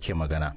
ke magana.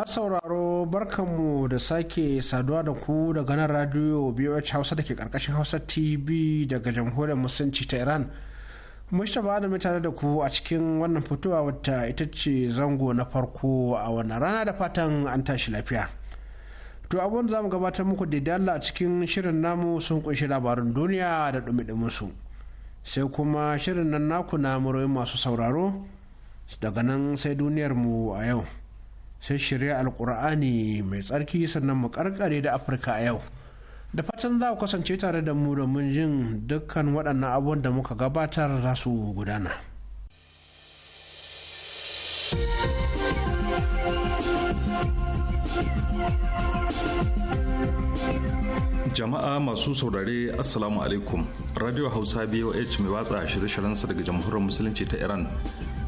masu sauraro barkanmu da sake saduwa da ku daga nan radio BOH Hausa da ke karkashin Hausa TV daga jamhuriyar musulunci ta Iran. Mustapha da mutane da ku a cikin wannan fitowa wata ita ce zango na farko a wannan rana da fatan an tashi lafiya. To abin da za mu gabatar muku da dalla a cikin shirin namu sun kunshi labarin duniya da dumi su. Sai kuma shirin nan naku na masu sauraro daga nan sai duniyar mu a yau. sai shirya alkur'ani mai tsarki sannan mu karkare da afirka a yau da fatan za ku kasance tare da mu domin jin dukkan waɗannan abubuwan da muka gabatar za su gudana jama'a masu saurare assalamu alaikum radio hausa boh mai watsa shirye-shiryensa daga jamhuriyar musulunci ta iran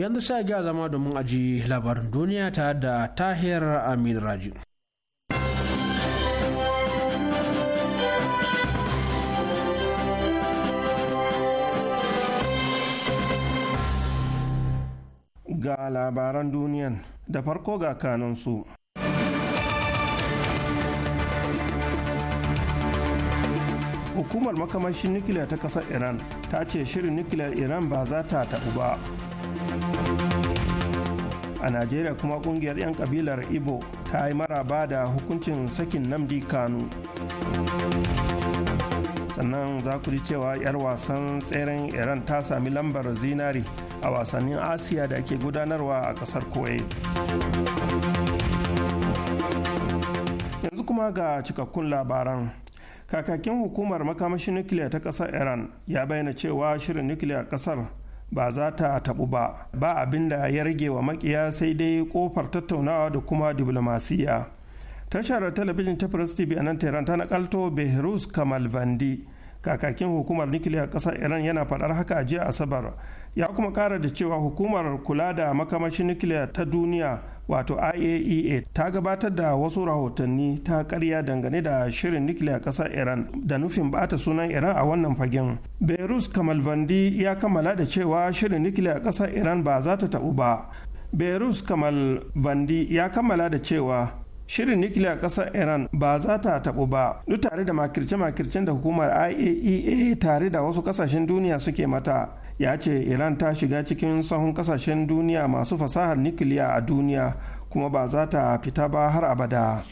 yanzu sai ga zama domin aji labarin duniya ta da tahir amin raju ga labaran duniyan da farko ga su hukumar makamashin nukiliya ta kasar iran ta ce shirin nukiliyar iran ba za ta taɓu ba a najeriya kuma kungiyar 'yan kabilar ibo ta yi maraba da hukuncin sakin namdi kanu sannan za ku ji cewa 'yar wasan tseren iran ta sami lambar zinari a wasannin asiya da ake gudanarwa a kasar koe yanzu kuma ga cikakkun labaran kakakin hukumar makamashin nukiliya ta kasar iran ya bayyana cewa shirin nukiliya kasar ba za ta taɓu ba ba abin da ya rage wa makiya sai dai kofar tattaunawa da kuma diplomasiya tashar talabijin ta press tv a nan tehran ta nakalto behrus kamal vandi kakakin hukumar nukiliyar ƙasar iran yana faɗar haka a jiya asabar ya kuma kara da cewa hukumar kula da makamashin nukiliya ta duniya wato iaea e ta gabatar da wasu rahotanni ta karya dangane da shirin nukiliya kasar iran da nufin bata sunan iran a wannan fagen beirut kamalvandi ya kammala da cewa shirin nukiliya kasar iran ba za ta tabu ba beirut kamalvandi ya kammala da cewa shirin nukiliya kasar iran ba za ta tabu ba duk tare da makirce-makircen da hukumar iaea e tare da wasu kasashen duniya suke mata ya ce iran ta shiga cikin sahun kasashen duniya masu fasahar nukiliya a duniya kuma ba za ta fita ba har abada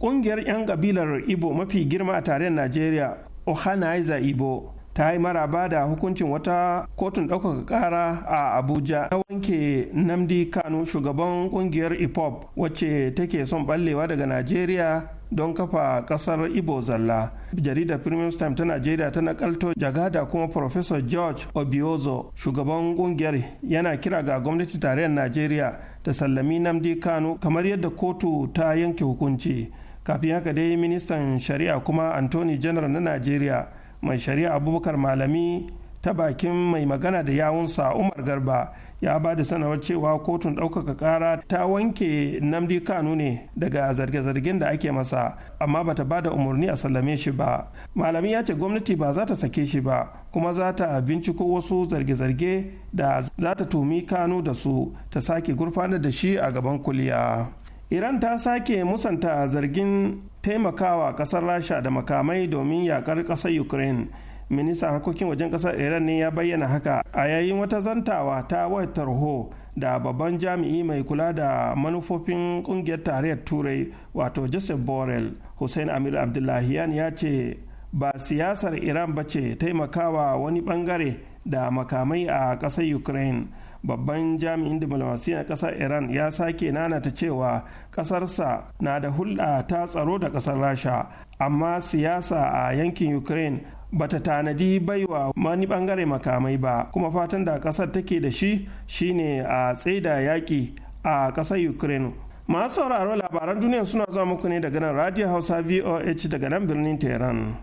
ƙungiyar 'yan kabilar ibo mafi girma a tarayyar najeriya ohanaiza ibo ta yi maraba da hukuncin wata kotun ɗaukaka ƙara a abuja na wanke namdi kano shugaban ƙungiyar ipop wacce take son ɓallewa daga najeriya don kafa kasar ibo zalla jaridar premium time ta najeriya ta nakalto jagada kuma professor george obiozo shugaban kungiyar yana kira ga gwamnati tarayyar najeriya ta sallami namdi kano kamar yadda kotu ta yanke hukunci kafin haka dai ministan shari'a kuma Antony general na najeriya mai shari'a abubakar malami ta bakin mai magana da yawunsa umar garba ya ba da sanarwar cewa kotun ɗaukaka ƙara ta wanke namdi kanu ne daga zarge-zargen da ake masa amma bata ba da umarni a sallame shi ba malami ya ce gwamnati ba za ta sake shi ba kuma za ta binciko wasu zarge-zarge da za ta tumi kanu da su ta sake gurfanar da shi a gaban kuliya iran ta sake musanta zargin taimakawa ƙasar rasha da makamai domin yakar ƙasar ukraine ministan harkokin wajen kasar iran ne ya bayyana haka a yayin wata zantawa ta wayar tarho da babban jami'i mai kula da manufofin kungiyar tarayyar turai wato joseph borrell hussein amir abdullahian ya ce ba siyasar iran ba ce taimakawa wani bangare da makamai a kasar ukraine babban jami'in na ƙasar iran ya sake nanata cewa ƙasarsa na da hulɗa ta tsaro da ƙasar rasha amma siyasa a yankin ukraine bata tanadi baiwa wani bangare makamai ba kuma fatan da kasar take da shi shine a tsaida yaƙi a ƙasar ukraine masu sauraro labaran duniya suna zuwa muku ne daga nan radio hausa voh daga nan birnin tehran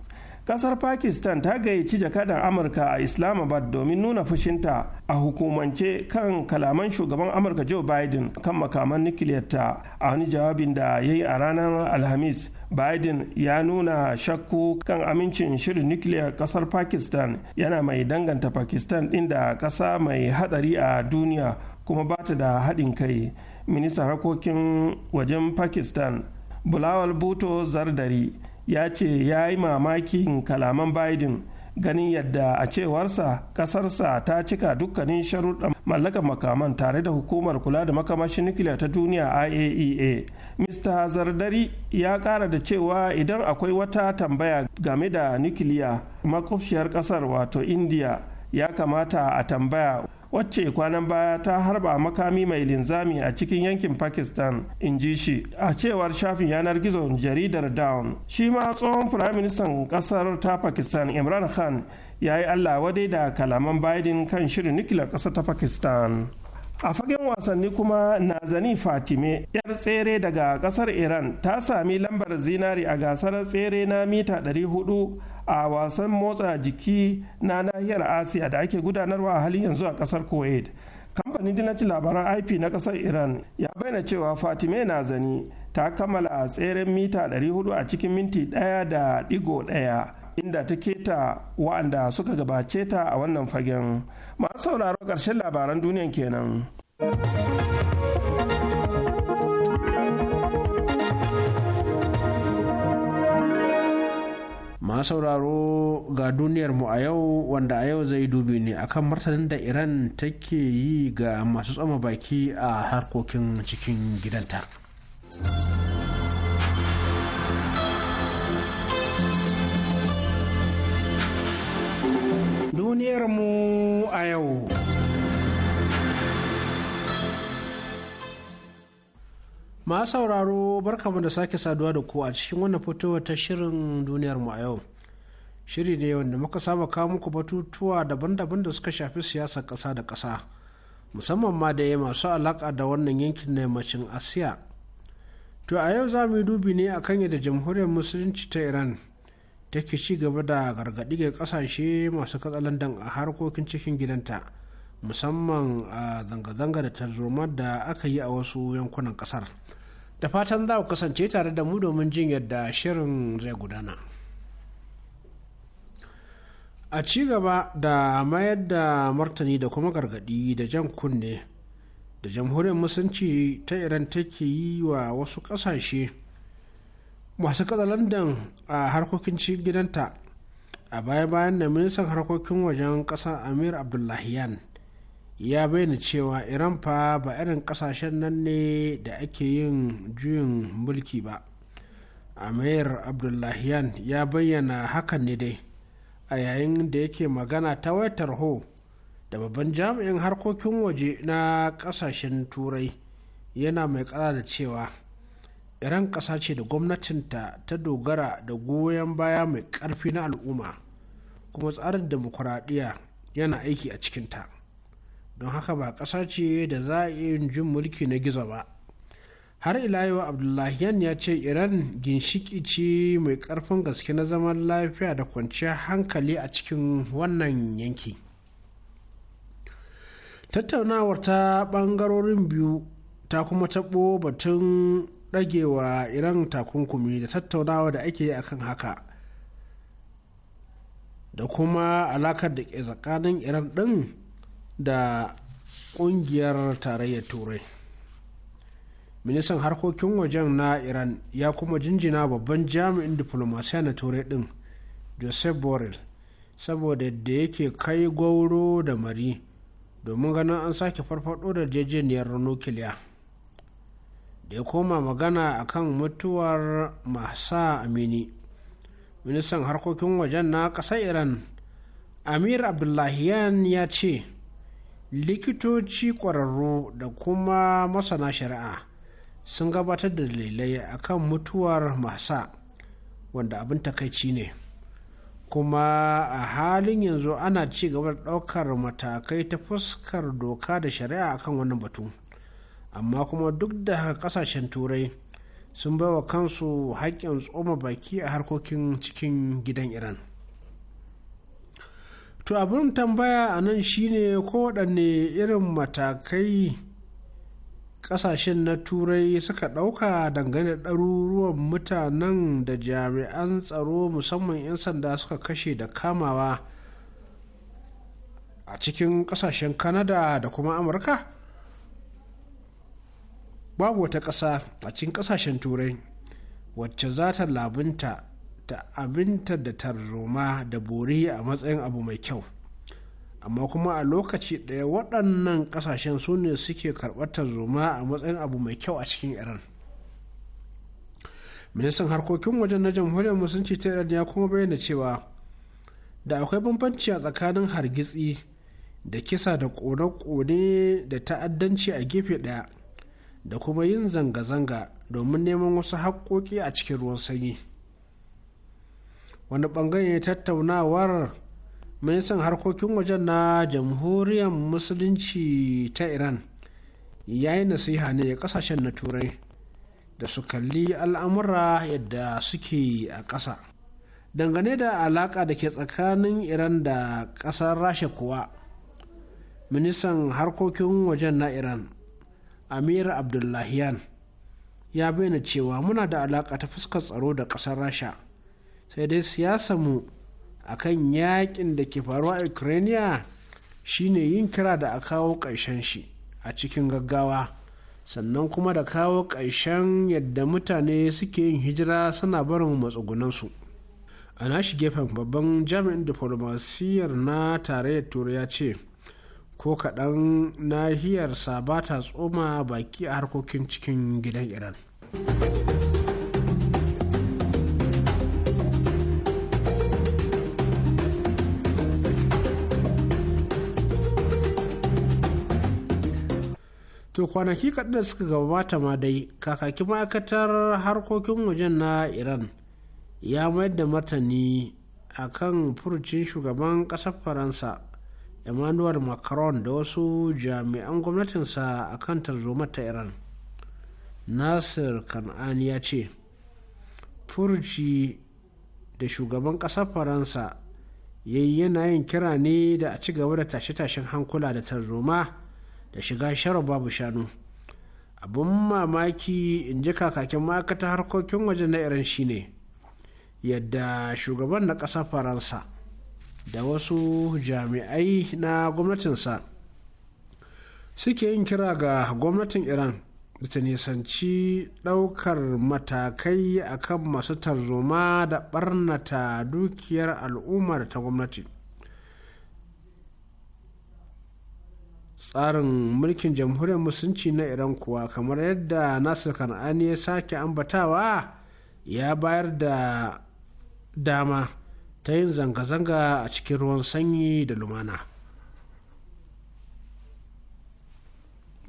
kasar pakistan ta gayyaci jakadan amurka a islamabad domin nuna fushinta a hukumance kan kalaman shugaban amurka joe biden kan makaman nukiliyarta a wani jawabin da ya yi a ranar alhamis biden ya nuna shakku kan amincin shirin nukiliyar kasar pakistan yana mai danganta pakistan ɗin da ƙasa mai hadari a duniya kuma ba ta da haɗin kai ministan harkokin wajen pakistan bulawal buto zardari ya ce ya yi mamakin kalaman biden ganin yadda a cewarsa kasarsa ta cika dukkanin sharuɗan mallakar makaman tare da hukumar kula da makamashin nukiliya ta duniya iaea mr zardari ya ƙara da cewa idan akwai wata tambaya game da nukiliya makwabciyar ƙasar wato india ya kamata a tambaya wacce kwanan baya ta harba makami mai linzami a cikin yankin pakistan in ji shi a cewar shafin yanar gizo jaridar down shi ma tsohon firaministan kasar ta pakistan imran khan ya yi allah wadai da kalaman biden kan shirin nukiliyar ƙasa ta pakistan a fagen wasanni kuma nazani fatime yar tsere daga kasar iran ta sami lambar zinari a gasar tsere na mita 400 a wasan motsa jiki na nahiyar asiya da ake gudanarwa a halin yanzu a kasar kuwait kamfanin dinaci labaran ip na kasar iran ya bayyana cewa fatime nazani ta kammala a tseren mita 400 a cikin minti ɗaya da digo ɗaya inda ta keta wa'anda suka gabace ta a wannan fagen masu sauraro ƙarshen labaran duniyan kenan. ma sauraro ga duniyarmu a yau wanda a yau zai dubi ne akan martanin da iran take yi ga masu tsama baki a harkokin cikin gidanta duniyar mu a yau ma sauraro barkamu da sake saduwa da ku a cikin wannan fitowa ta shirin duniyar mu a yau shiri ne wanda muka saba kawo muku batutuwa daban-daban da suka shafi siyasar ƙasa da ƙasa musamman ma da ya masu alaƙa da wannan yankin na yammacin asiya to a yau za mu yi dubi ne akan yadda jamhuriyar musulunci ta iran take ci gaba da gargaɗi ga ƙasashe masu katsalandan a harkokin cikin gidanta musamman a zanga-zanga da tarzoma da aka yi a wasu yankunan ƙasar. da fatan za ku kasance tare da mu domin jin yadda shirin zai gudana a ci gaba da mayar da martani da kuma gargadi da jan kunne da jamhuriyar musulunci ta iran take yi wa wasu kasashe masu katsalandan a harkokin ci gidanta a baya-bayan da ministan harkokin wajen ƙasa amir abdullahiyan ya bayyana cewa iran fa ba irin kasashen nan ne da ake yin juyin mulki ba amir abdullahian ya bayyana hakan ne dai a yayin da yake magana ta wayar ho da babban jami'in harkokin waje na kasashen turai yana mai kara da cewa iran ƙasa ce da gwamnatinta ta dogara da goyon baya mai ƙarfi na al'umma kuma tsarin demokuraɗiyya yana aiki a cikinta. don haka ba ƙasa ce da za a iya jin mulki na gizo ba har ila yau abdullahiyan ya ce iran ginshiki ce mai ƙarfin gaske na zaman lafiya da kwanciyar hankali a cikin wannan yanki tattaunawar ta ɓangarorin biyu ta kuma taɓo batun ɗagewa iran takunkumi da tattaunawa da ake yi a kan haka da kuma alakar da ke tsakanin iran ɗin da ƙungiyar tarayyar turai ministan harkokin wajen na iran ya kuma jinjina babban jami'in diplomasiya na turai din joseph borrell saboda yadda yake kai gauro da mari domin ganin an sake farfado da jejeniyar nukiliya da ya koma magana a kan mutuwar masa amini ministan harkokin wajen na ƙasar iran amir abdullahiyan ya ce likitoci ƙwararru da kuma masana shari'a sun gabatar da dalilai akan mutuwar masa wanda abin takaici ne kuma a halin yanzu ana ci gaba da ɗaukar matakai ta fuskar doka da shari'a akan wannan batu amma kuma duk da kasashen turai sun baiwa kansu haƙƙin tsoma baki a harkokin cikin gidan iran to abin tambaya a nan shine ko waɗanne irin matakai ƙasashen na turai suka ɗauka dangane ɗaruruwan mutanen da jami'an tsaro musamman 'yan sanda suka kashe da kamawa a cikin ƙasashen kanada da kuma amurka babu wata ƙasa a cikin ƙasashen turai wacce za ta labinta ta abinta da tarzoma da bori a matsayin abu mai kyau amma kuma a lokaci ɗaya waɗannan ƙasashen su ne suke karɓar tarzoma a matsayin abu mai kyau a cikin iran ministan harkokin wajen na jamhuriyar musulunci ta iran ya kuma bayyana cewa da akwai bambanci a tsakanin hargitsi da kisa da kone-kone da ta'addanci a gefe ɗaya da kuma yin zanga-zanga domin neman wasu haƙƙoƙi a cikin ruwan sanyi wani bangare tattaunawar ministan harkokin wajen na jamhuriyar musulunci ta iran ya yi nasiha ne a kasashen na turai da su kalli al'amura yadda suke a ƙasa dangane da alaƙa da ke tsakanin iran da ƙasar rasha kuwa ministan harkokin wajen na iran amir abdullahiyan ya bayyana cewa muna da alaƙa ta fuskar tsaro da ƙasar rasha sai dai siyasamu a kan yakin da ke faruwa a ukraine shine yin kira da a kawo ƙarshen shi a cikin gaggawa sannan kuma da kawo ƙarshen yadda mutane suke yin hijira suna barin matsugunansu a nashi gefen babban jami'in diflomasiyyar na tarayyar turai ya ce ko kaɗan nahiyarsa ba ta tsoma baki a harkokin cikin gidan iran to kwanaki kaɗan da suka gabata ma dai kakaki ma'aikatar harkokin wajen na iran ya mayar da martani a kan furucin shugaban ƙasar faransa emmanuel macron da wasu jami'an gwamnatinsa a kan tarzoma ta iran nasir Kan'ani ya ce furuci da shugaban ƙasar faransa yayi yana yin kira ne da a ci gaba da tashe-tashen hankula da tarzoma da shiga shara babu shanu abin mamaki in ji kakakin ma'aikata harkokin waje na iran shine yadda shugaban na ƙasa faransa da wasu jami'ai na gwamnatinsa suke yin kira ga gwamnatin iran da ta nisanci ɗaukar matakai akan masu tarzoma da ɓarnata dukiyar al'ummar ta gwamnati tsarin mulkin jamhuriyar musulunci na iran kuwa kamar yadda nasir kan'ani ya sake ambatawa ya bayar da dama ta yin zanga-zanga a cikin ruwan sanyi da lumana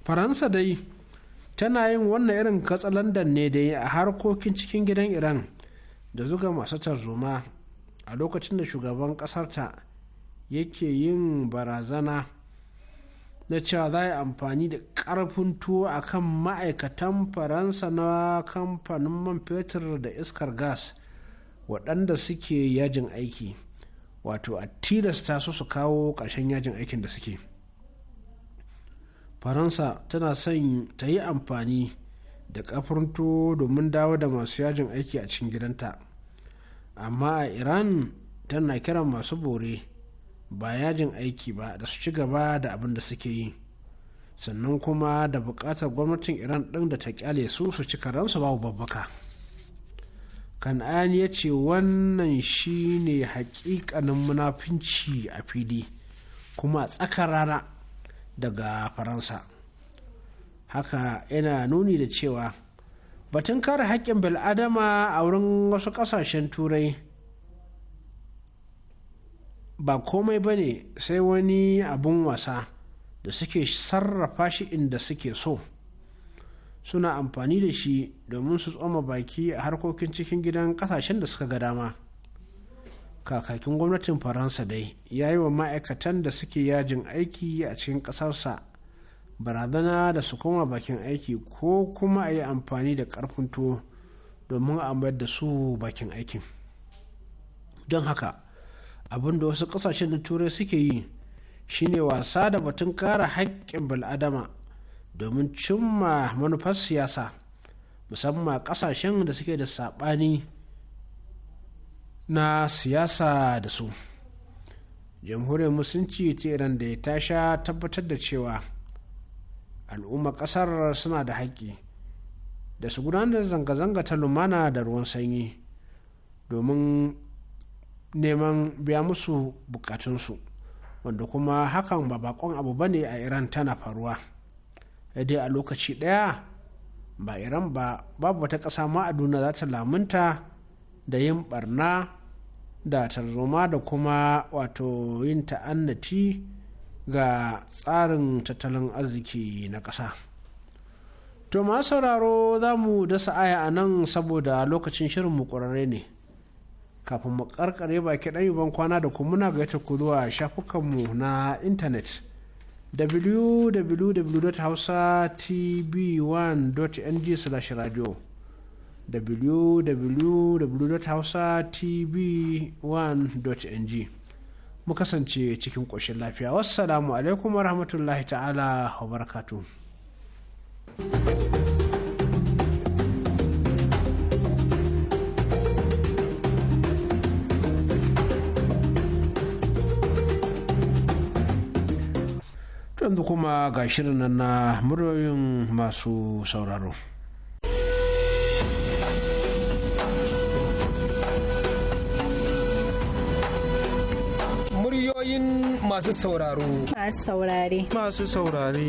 faransa dai tana yin wannan irin katsalandan ne dai a harkokin cikin gidan iran da zuga masu tarzoma a lokacin da shugaban ƙasarta yake yin barazana na cewa za a yi amfani da karfin tuwo a kan ma'aikatan faransa na kamfanin man fetur da iskar gas waɗanda suke yajin aiki wato a tilasta su su kawo ƙarshen yajin aikin da suke faransa tana son ta yi amfani da kafin tuwo domin dawo da masu yajin aiki a cikin gidanta amma a iran tana kiran masu bore ba yajin aiki ba da su ci gaba da abin da suke yi sannan kuma da buƙatar gwamnatin iran ɗin da ta kyale su su ci karansu babu babbaka kan'ani ya ce wannan shine hakikanin munafinci a fili kuma tsakar rana daga faransa haka yana nuni da cewa batun kare haƙƙin bil'adama a wurin wasu ƙasashen turai ba komai ba ne sai wani abun wasa da suke sarrafa shi inda suke so suna amfani da shi domin su tsoma baki a harkokin cikin gidan kasashen da suka ga dama kakakin gwamnatin faransa dai ya yi wa ma'aikatan da suke yajin aiki a cikin ƙasarsa barazana da su koma bakin aiki ko kuma a yi amfani da ƙarfin tuwo domin a mayar da su bakin aikin don haka abinda wasu kasashen na turai suke yi shine wasa da batun kara haƙƙin bil'adama domin cimma manufar siyasa musamman kasashen da suke da saɓani na siyasa da su jamhuriyar musulunci ta iran da ta sha tabbatar da cewa al'umma ƙasar suna da haƙƙi da su gudanar da zanga-zanga ta lumana da ruwan sanyi domin neman biya musu bukatunsu wanda kuma hakan ba bakon abu ba ne a iran tana faruwa dai a lokaci ɗaya ba iran ba babu wata ƙasa ma a duniya za ta lamunta da yin barna da tarzoma da kuma wato yin ta'annati ga tsarin tattalin arziki na ƙasa to ma sauraro za mu dasa aya a nan saboda lokacin shirin mu ƙwararre ne kafin mu karkare baki dan yuban kwana da kuma muna gaita ku zuwa shafukanmu na intanet www.hausatv1.ng/radio www.hausatv1.ng mu kasance cikin ƙoshin lafiya wassalamu alaikum warahmatullahi ta'ala wa barakatu. yanzu kuma ga shirin nan na muryoyin masu sauraro. Muryoyin masu sauraro. Masu saurare. Masu saurare.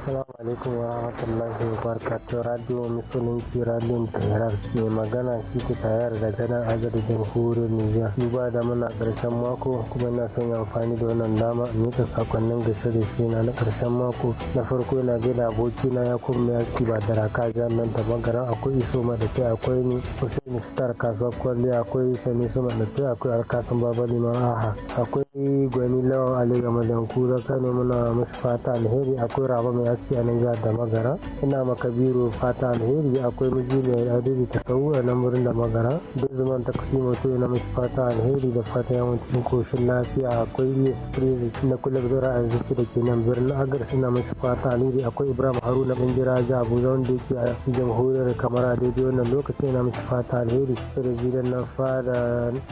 Assalamu alaikum wa rahmatullahi wa barakatuh Radio Musulunci Radio Tehran mai magana shi ke tayar da ganin agar jamhuriyar Nijar. Duba da muna karshen mako kuma ina son yi amfani da wannan dama in yi sakonnin gaishe da shi na na karshen mako. Na farko ina da aboki na ya kuma mai aiki ba da raka jihar nan da magaran akwai iso madafi akwai ni ni Star kasuwa kwalliya akwai Sani Iso madafi akwai Alkasun Baba Liman Aha akwai Gwani Lawan ga Gamadan Kura Kano muna mashi fata alheri akwai Raba mai yaci a nan jihar da magara ina maka biro fata alheri akwai miji mai adadi ta sau a nan birnin da magara duk zaman ta kusi mutu na mashi fata alheri da fata ya cikin koshin lafiya akwai yes prezi na kula da ra'ayin zuki da ke nan birnin agar suna mashi fata alheri akwai ibrahim haruna bingira ja abuja wanda yake a jamhuriyar kamar a daidai wannan lokaci yana mashi fata alheri prezidan na fada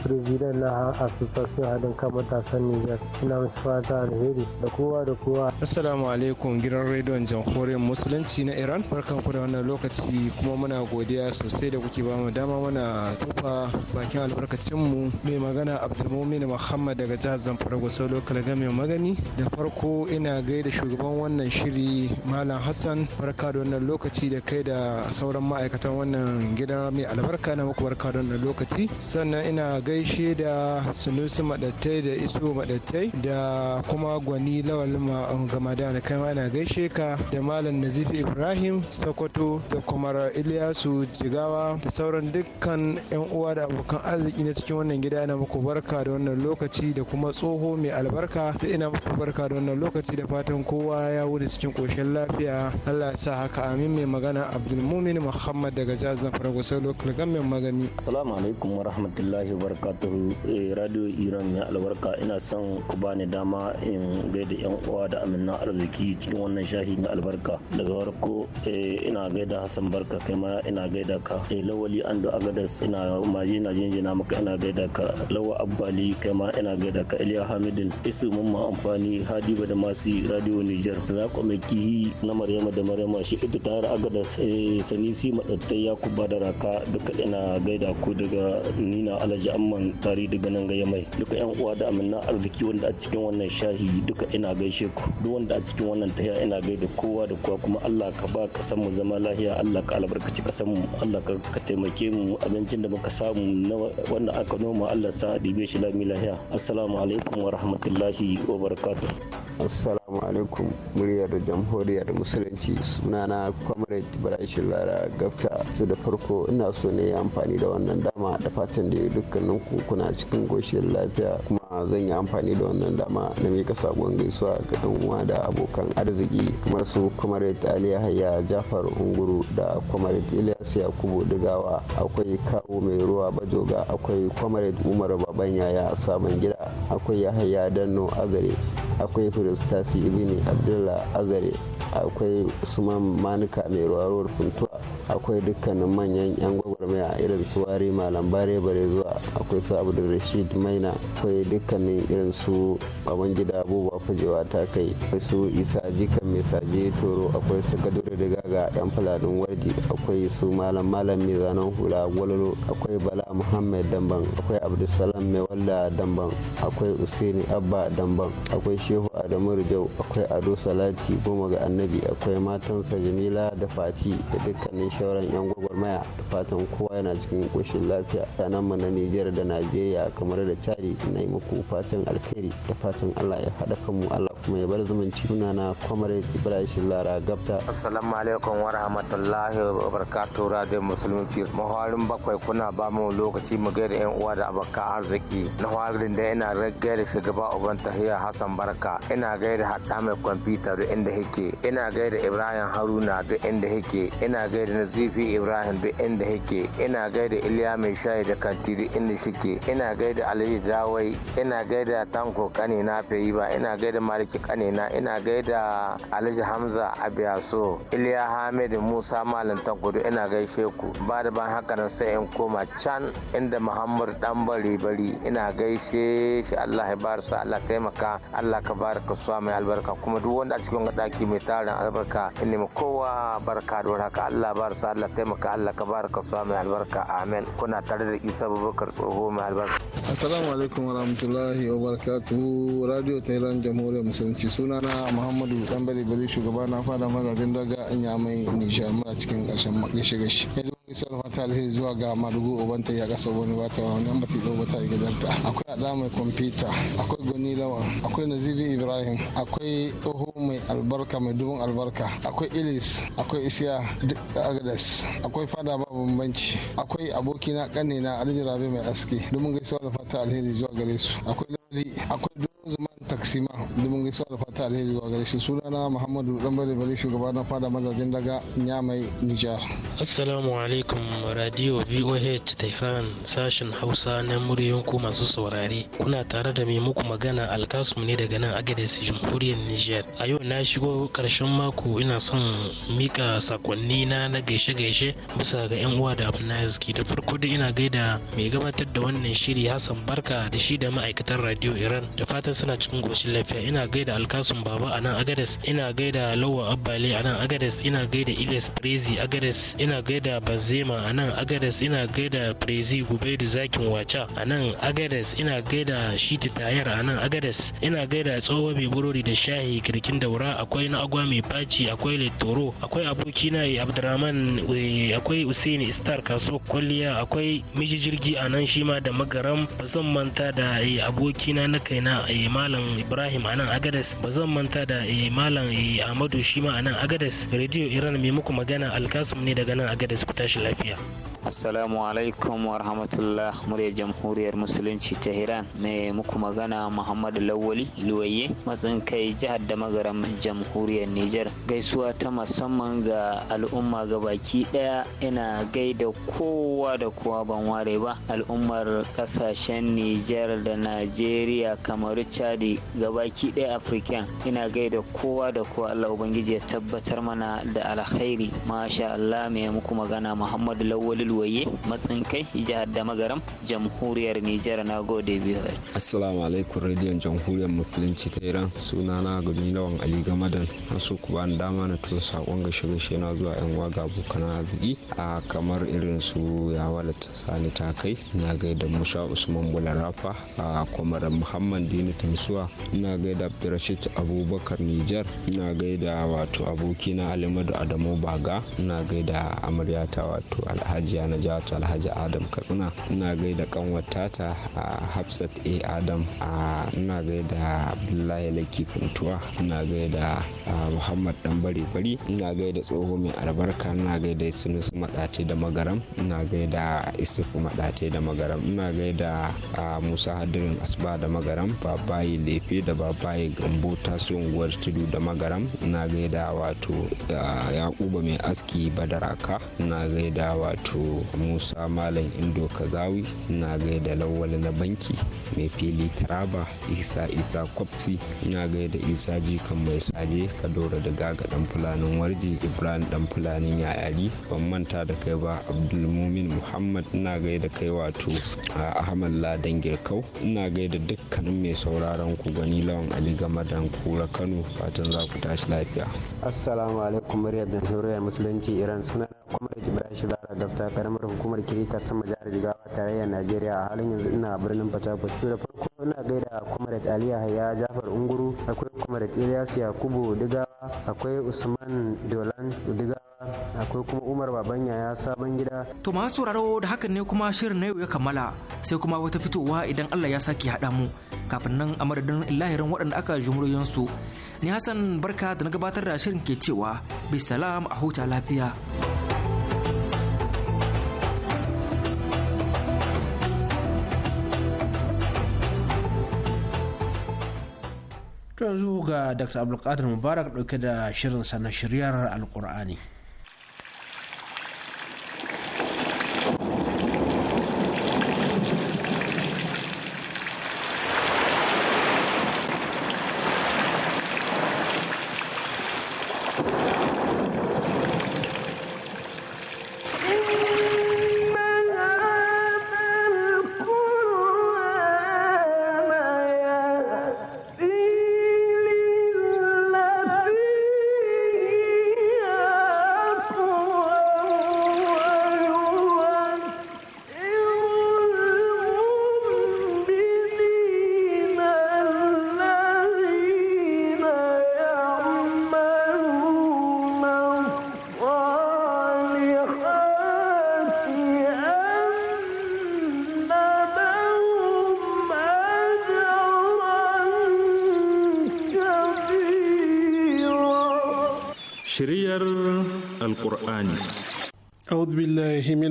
prezidan na asusasun haɗin kan matasan nijar suna mashi fata alheri da kowa da kowa assalamu alaikum gidan rediyo rediyon jamhuriyar musulunci na iran barkan ku da wannan lokaci kuma muna godiya sosai da kuke bamu dama muna tufa bakin albarkacinmu mai magana abdulmumin muhammad daga jihar zamfara gusau lokal game magani da farko ina gaida shugaban wannan shiri malam hassan barka da wannan lokaci da kai da sauran ma'aikatan wannan gidan mai albarka na muku barka da wannan lokaci sannan ina gaishe da sunusu madattai da iso madattai da kuma gwani lawal gama da kai ma ina gaishe Amurka da Malam Nazifi Ibrahim Sokoto da kuma Iliyasu Jigawa da sauran dukkan 'yan uwa da abokan arziki na cikin wannan gida ina muku barka da wannan lokaci da kuma tsoho mai albarka da ina muku barka da wannan lokaci da fatan kowa ya wuce cikin koshin lafiya Allah ya sa haka amin mai magana Mumin Muhammad daga na Zamfara sai lokacin Gamin Magani. Assalamu alaikum warahmatullahi rahmatullahi wa eh, Radio Iran mai albarka ina son ku bani dama in gaida 'yan uwa da aminan arziki cikin wannan shahi littafi mai albarka daga farko eh, ina gaida hassan barka kai ma ina gaida ka eh, lawali an do agadas ina maji na jinjina maka ina gaida ka lawa abbali kai ma ina gaida ka iliya hamidin isu mamma amfani hadiba da masu radio niger za ku mai kihi na maryama da maryama shi ita tayar agadas eh, sanisi madattai ya kuba da raka duka ina gaida ku daga nina alhaji amman tari daga nan gaya mai duka yan uwa da amina arziki wanda a cikin wannan shahi duka ina gaishe ku duk wanda a cikin wannan tahiya ina gaida da kowa da kowa kuma Allah ka ba kasan mu zama lafiya Allah ka albarkaci kasan mu Allah ka taimake mu abincin da muka samu na wannan aka noma Allah sa dibe shi lami lahiya assalamu alaikum wa rahmatullahi wa barakatuh Assalamu alaikum muryar jamhuriyar musulunci sunana Comrade Barashin Lara Gafta. To da farko ina so ne amfani da wannan dama da fatan da dukkanin ku kuna cikin goshin lafiya kuma zan yi amfani da wannan dama na mika sakon gaisuwa ga dan uwa da abokan arziki kamar su Comrade Ali Yahya Jafar Unguru da Comrade Ilyas Yakubu Digawa akwai kawo mai ruwa bajoga akwai Comrade Umar Baban Yaya Sabon Gida akwai Yahaya Danno Azare akwai Firistasi ibini abdullah azare akwai usman manuka mai ruwa funtuwa akwai dukkanin manyan yan gwagwarmaya irin su wari malam bare bare zuwa akwai su rashid maina akwai dukkanin irin su baban gida abubuwa fajewa ta kai akwai su isa jikan mai saje toro akwai su kaduri riga ga dan fulanin wardi akwai su malam malam mai zanen hula gwalolo akwai bala muhammad damban akwai abdulsalam mai walla damban akwai usaini abba damban akwai shehu adamu rijau akwai ado salati goma ga annabi akwai matansa jamila da fati da dukkanin shawarar yan gwagwarmaya da fatan kowa yana cikin ƙoshin lafiya ranar mu na Nijar da Najeriya kamar da cari na yi fatan alheri da fatan Allah ya haɗa kanmu Allah kuma ya bar zumunci muna na kwamar Ibrahim Lara Gabta. Assalamu alaikum wa rahmatullahi wa barakatuh Radio Musulunci. Mahawarin bakwai kuna ba mu lokaci mu gaida yan uwa da abokan arziki. Na hawarin da ina gaida shugaba Uban Tahiya Hassan Barka. Ina gaida hadda mai kwamfuta duk inda yake. Ina gaida Ibrahim Haruna duk inda yake. Ina gaida na zifi ibrahim duk inda yake ina gaida iliya mai shayi da kantiri inda shike ina gaida aliyu dawai ina gaida tanko kane na fayi ba ina gaida maliki kane na ina gaida alhaji hamza abiyaso iliya hamid musa malam tanko duk ina gaishe ku ba da ban haka nan sai in koma can inda muhammad dan bari bari ina gaishe shi allah ya bar allah taimaka allah ka baraka su mai albarka kuma duk wanda a cikin daki mai tarin albarka in kowa barka da haka allah ba jama'ar su Allah taimaka Allah ka baraka su mai albarka amen kuna tare da Isa Abubakar tsoho mai albarka assalamu alaikum warahmatullahi wabarakatuh radio Tehran jamhuriyar musulunci sunana Muhammadu Dambale Bari shugaba na fada mazajin daga anya ya mai Nijar a cikin ƙarshen gashi-gashi isar fata alheri zuwa ga madugu ubanta ya kasa wani wata wani an bata zo bata ga darta akwai ada mai kwamfuta akwai gwani lawan akwai nazibi ibrahim akwai tsoho mai albarka mai dubin albarka akwai ilis akwai isiya duk a Agnes akwai fada ba bambanci akwai abokina kanina aljirabe mai aski domin gaisuwa da fata alheri zuwa gare su akwai akwai taksima mun gaisuwa da fata alheri zuwa gare sunana muhammadu dan bare bare shugaban na fada mazajen daga nyamai niger assalamu alaikum radio voh tehran sashen hausa na muryoyin ku masu saurare kuna tare da mai muku magana alkasum ne daga nan agadez jamhuriyar nijar a yau na shigo karshen mako ina son mika sakonni na na gaishe gaishe bisa ga yan uwa da abin na da farko da ina gaida mai gabatar da wannan shiri hassan barka da shi da ma'aikatan radio iran da fatan suna cikin ƙoshin lafiya ina gaida alkasun baba a nan agares ina gaida lawa abbali a nan agares ina gaida iles prezi agares ina gaida bazema a nan agares ina gaida prezi gubaidu zakin wacha a nan agares ina gaida shiti tayar a nan agares ina gaida tsoho mai burori da shahi kirkin daura akwai na agwa mai faci akwai littoro akwai abokina abdurrahman eh, akwai usaini star kaso kwalliya akwai miji jirgi a nan shi da magaram ba zan manta da eh, abokina na kaina eh, malam ibrahim a nan agadas ba zan manta da eh, malam eh, ahmadu shi ma a nan agadas radio iran mai muku magana alkasum ne daga nan agadas ku tashi lafiya assalamu alaikum wa rahmatullah murya jamhuriyar musulunci ta iran mai muku magana muhammadu lawali luwaye matsin kai jihar da magaran jamhuriyar Nijar. gaisuwa ta musamman ga al'umma gabaki daya ina gaida kowa da kowa ban ware ba al'ummar kasashen Nijar da najeriya kamar chadi gabaki ɗaya afirka ina gaida kowa da kowa allah ubangiji ya tabbatar mana da alkhairi masha allah mai muku magana muhammadu lawal waye matsin kai jihar da magaram jamhuriyar nijar na gode biyu assalamu alaikum rediyon jamhuriyar musulunci ta iran suna na gani ali gamadan so ku bani dama na tura sakon gashe gashe na zuwa yan waga abokan arziki a kamar irin su ya walata sani takai na gaida musa usman bularafa a kwamaran muhammad dini tamsuwa na gaida abdurrashid abubakar nijar na gaida wato abokina alimadu adamu baga na gaida amaryata wato alhaji ta alhaji adam katsina ina gaida kanwata ta a hafsat a adam a ina gaida abdullahi laki funtuwa ina gaida muhammad dan bari bari ina gaida tsoho mai albarka na gaida sunusu madate da magaram na gaida isufu madate da magaram ina gaida musa hadirin asba da magaram babayi lefi rufe da ya gambo taso unguwar tudu da magaram na gaida wato yakuba mai aski badaraka na gaida wato musa malam indo kazawi na gaida lawal na banki mai fili taraba isa isa kwafsi na gaida isa jikan mai saje kadora da gaga dan fulanin warji ibrahim dan fulanin yayari ban manta da kai ba abdulmumin muhammad na gaida kai wato ahmad ladan girkau ina gaida dukkanin mai sauraron ku gwani lawan ali game da kura kano fatan za ku tashi lafiya assalamu alaikum muryar jamhuriyar musulunci iran suna Comrade Ibrahim Shilara Dafta karamar hukumar Kirika sama jihar Jigawa tarayyar Najeriya a halin yanzu ina birnin Fatakwal. To da farko ina gaida da Ali Yahaya Jafar Unguru, akwai Comrade Ilyas Yakubu Digawa, akwai Usman Dolan Digawa, akwai kuma Umar Baban Yaya Sabon Gida. To masu sauraro da hakan ne kuma shirin na yau ya kammala sai kuma wata fitowa idan Allah ya sake haɗa mu kafin nan a madadin lahirin waɗanda aka su Ni Hassan Barka da na gabatar da shirin ke cewa bisalam a huta lafiya. To yanzu ga Dr. Abdulkadir Mubarak ɗauke da shirinsa na shiryar Alƙur'ani.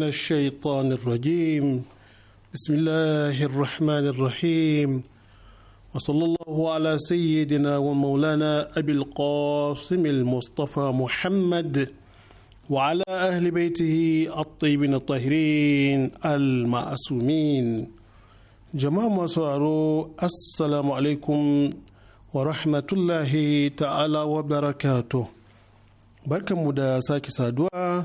الشيطان الرجيم بسم الله الرحمن الرحيم وصلى الله على سيدنا ومولانا أبي القاسم المصطفى محمد وعلى أهل بيته الطيبين الطاهرين المعصومين جماعة مسعرو السلام عليكم ورحمة الله تعالى وبركاته بركة مدى sake saduwa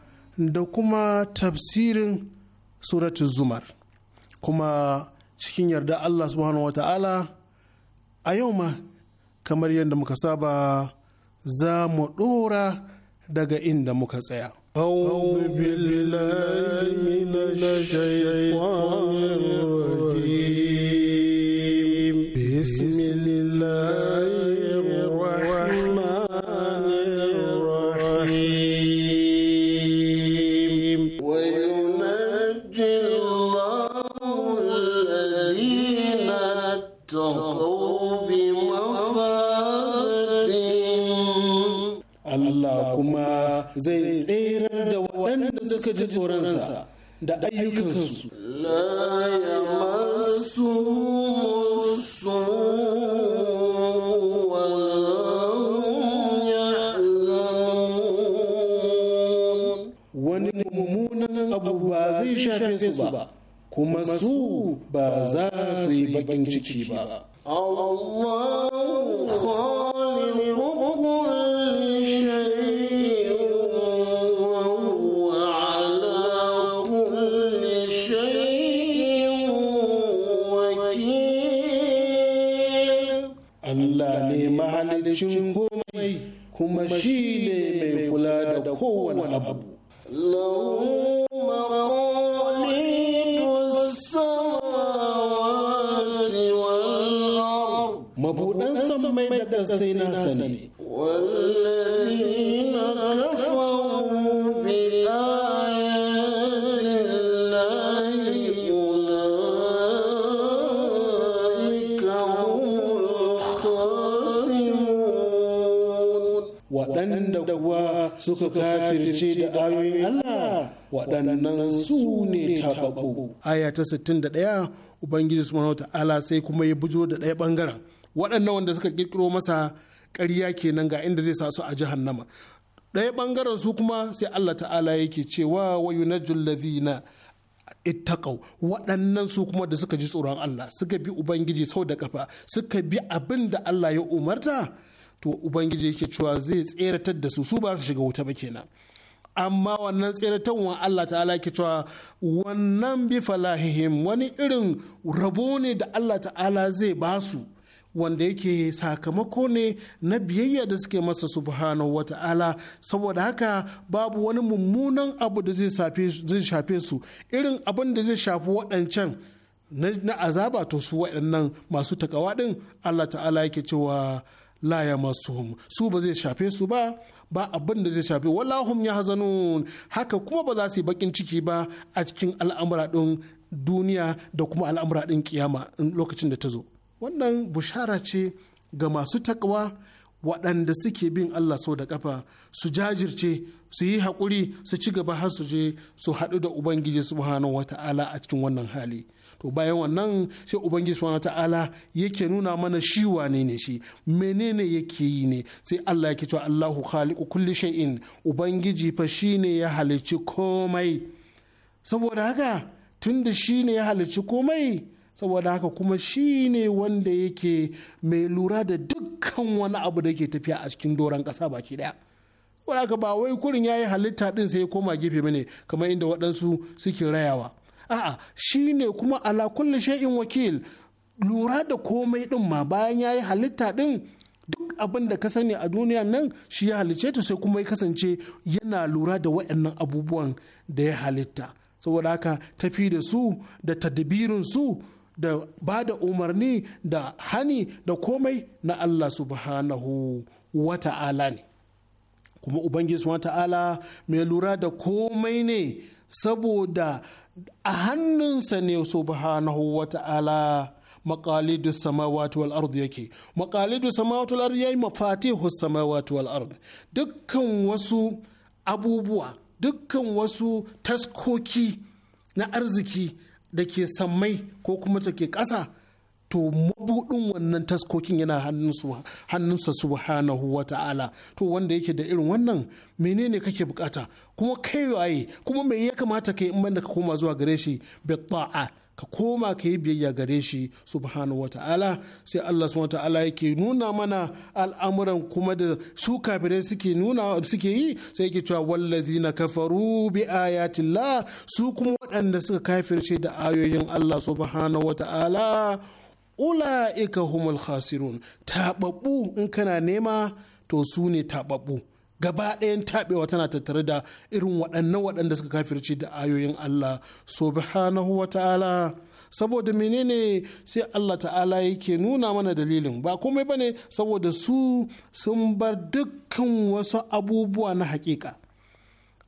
da kuma tafsirin suratul zumar kuma cikin yarda Allah subhanahu wata'ala a yau ma kamar yadda muka saba za mu ɗora daga inda muka tsaya أعوذ بالله من الشيطان الرجيم suka ji tsoronsa da ayyukansu wani yamassu mummunan abu ba zai shafe su ba kuma su ba za su yi bakin ciki ba. Allah mahalicin komai kuma shi ne mai kula da kowane abu. Mabuɗan sammai da ƙasai na sani. suka kafirce da ayoyin Allah waɗannan su ne taɓaɓɓu. Aya ta 61 Ubangiji su manauta Allah sai kuma ya bujo da ɗaya ɓangaren. Waɗannan wanda suka ƙirƙiro masa ƙarya kenan ga inda zai sa su a nama. Ɗaya ɓangaren su kuma sai Allah ta'ala yake cewa wa yunajjul ladhina ittaqau waɗannan su kuma da suka ji tsoron Allah suka bi ubangiji sau da kafa suka bi abin da Allah ya umarta to ubangiji yake cewa zai tseratar da su su ba su shiga wuta ba kenan amma wannan wa Allah ta'ala ke cewa wannan bi falahihim wani irin rabo ne da Allah ta'ala zai ba su wanda yake sakamako ne na biyayya da suke masa subhanahu wa ta'ala saboda haka babu wani mummunan abu da zai shafe su irin abin da zai shafi waɗancan na azaba to su waɗannan masu takawa ɗin Allah ta'ala yake cewa la ya masuhum su ba zai shafe su ba ba abin da zai shafe wallahum ya hazanun haka kuma ba za su yi bakin ciki ba a cikin al'amura din duniya da kuma al'amura ɗin kiyama lokacin da ta zo wannan bushara ce ga masu takwa waɗanda suke bin Allah sau da kafa su jajirce su yi haƙuri su ci gaba har su je su haɗu da Ubangiji subhanahu wata'ala a cikin wannan hali. to bayan wannan sai ubangiji subhanahu ta'ala yake nuna mana shi wane ne shi menene yake yi ne sai Allah yake cewa Allahu khaliqu kulli shay'in ubangiji fa shine ya halicci komai saboda haka tunda shine ya halicci komai saboda haka kuma shi ne wanda yake mai lura da dukkan wani abu da ke tafiya a cikin doron ƙasa baki daya saboda haka ba wai kurin ya yi halitta din sai ya koma gefe mene kamar inda waɗansu suke rayawa a'a shine kuma ala kulli shay'in wakil lura da komai din ma bayan yayi halitta din duk abin da ka sani a duniya nan shi ya halice ta sai kuma ya kasance yana lura da waɗannan abubuwan da ya halitta saboda haka tafi da su da tadbirin su da ba da umarni da hani da komai na Allah subhanahu wa ta'ala ne kuma ubangiji wa ta'ala mai lura da komai ne saboda a hannunsa ne subhanahu wa ta'ala maqalidu samawati wal ard yake maqalidu samawati wal ard yayi mafatihu samawati wal ard dukkan wasu abubuwa dukkan wasu taskoki na arziki da ke sammai ko kuma take ƙasa to mabudin wannan taskokin yana hannunsa subhanahu wa ta'ala to wanda yake da irin wannan menene kake bukata kuma kai waye kuma me ya kamata kai in banda ka koma zuwa gare shi bi ka koma ka yi biyayya gare shi subhanahu wa ta'ala sai Allah subhanahu wa ta'ala yake nuna mana al'amuran kuma da su kafirai suke nuna suke yi sai yake cewa wallazina kafaru bi ayatillah su kuma waɗanda suka kafirce da ayoyin Allah subhanahu wa ta'ala ula'ika humul khasirun taɓaɓɓu in kana nema to su ne taɓaɓɓu gaba ɗayan taɓewa tana tattare da irin waɗannan waɗanda suka kafirci da ayoyin Allah subhanahu wa ta'ala saboda menene sai Allah ta'ala yake nuna mana dalilin ba komai bane saboda su sun bar dukkan wasu abubuwa na haƙiƙa.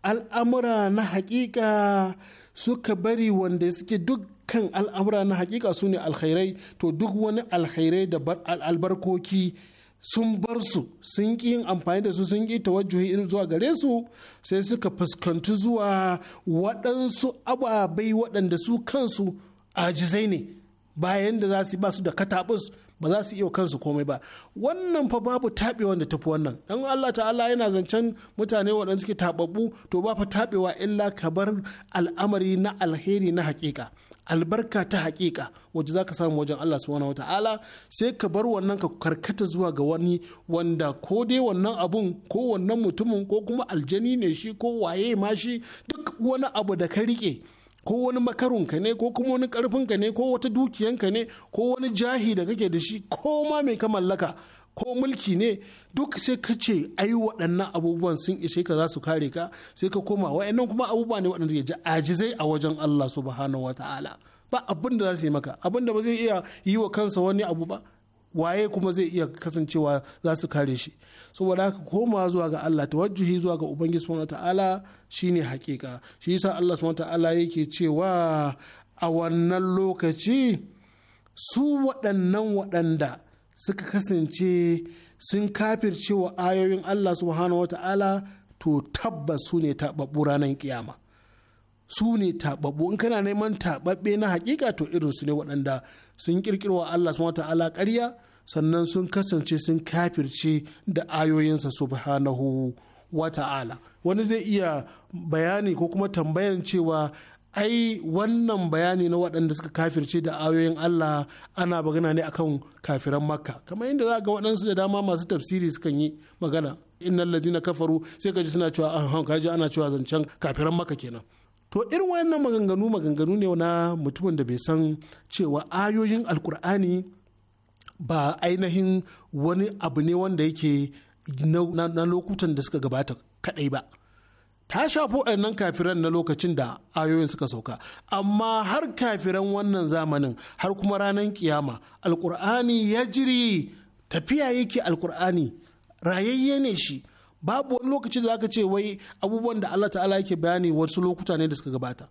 al'amura na haƙiƙa suka bari wanda suke duk kan al'amura na hakika su ne alkhairai to duk wani alkhairai da albarkoki sun bar su sun ƙi yin amfani da su sun ƙi ta irin zuwa gare su sai suka fuskanci zuwa waɗansu ababai waɗanda su kansu ajizai ne bayan da za su ba su da katabus ba za su iya kansu komai ba wannan fa babu taɓewa da tafi wannan dan Allah ta'ala yana zancen mutane waɗanda suke taɓaɓɓu to ba fa taɓewa illa ka bar al'amari na alheri na haƙiƙa albarka ta hakika waje za ka samu wajen Allah subhanahu wa ta'ala sai ka bar wannan ka karkata zuwa ga wani wanda ko dai wannan abun ko wannan mutumin ko kuma aljani ne shi ko waye ma shi duk wani abu da ka rike ko wani makarunka ne ko kuma wani karfinka ne ko wata dukiyanka ne ko wani jahi da kake da shi ko ma mai ka mallaka ko mulki ne duk sai ka ce ai waɗannan abubuwan sun ishe ka za su kare ka sai ka koma wa'annan kuma abubuwa ne waɗanda ya ji ajizai a wajen Allah subhanahu wata'ala ba abin da za su yi maka abin da ba zai iya yi wa kansa wani abu ba waye kuma zai iya kasancewa za su kare shi saboda haka koma zuwa ga Allah tawajjuhi zuwa ga ubangiji subhanahu wata'ala shine hakika shi yasa Allah subhanahu wata'ala yake cewa a wannan lokaci su waɗannan waɗanda suka kasance sun kafirce wa ayoyin Allah subhanahu wa ta'ala to tabbas su ne taɓaɓɓu ranar kiyama su ne taɓaɓɓu in kana neman taɓaɓɓe na hakika to irin su ne waɗanda sun wa Allah subhanahu wa ta'ala ƙarya sannan sun kasance sun kafirce da ayoyinsa subhanahu wa ta'ala wani zai iya bayani ko kuma tambayan cewa ai wannan bayani na waɗanda suka kafirce da ayoyin Allah ana magana ne akan kafiran makka kamar yadda za ga waɗansu da dama masu tafsiri sukan yi magana innal ladina kafaru sai ka ji suna cewa an kaji ana cewa zancen kafiran makka kenan to irin wannan maganganu maganganu ne na mutumin da bai san cewa ayoyin alkur'ani ba ainihin wani abu ne wanda yake na lokutan da suka gabata kadai ba ta shafi waɗannan kafiran na lokacin da ayoyin suka sauka amma har kafiran wannan zamanin har kuma ranar kiyama alkur'ani ya jiri tafiya yake alkur'ani rayayye ne shi babu wani lokacin da aka ce wai abubuwan da Allah ta'ala yake bayani wasu lokuta ne da suka gabata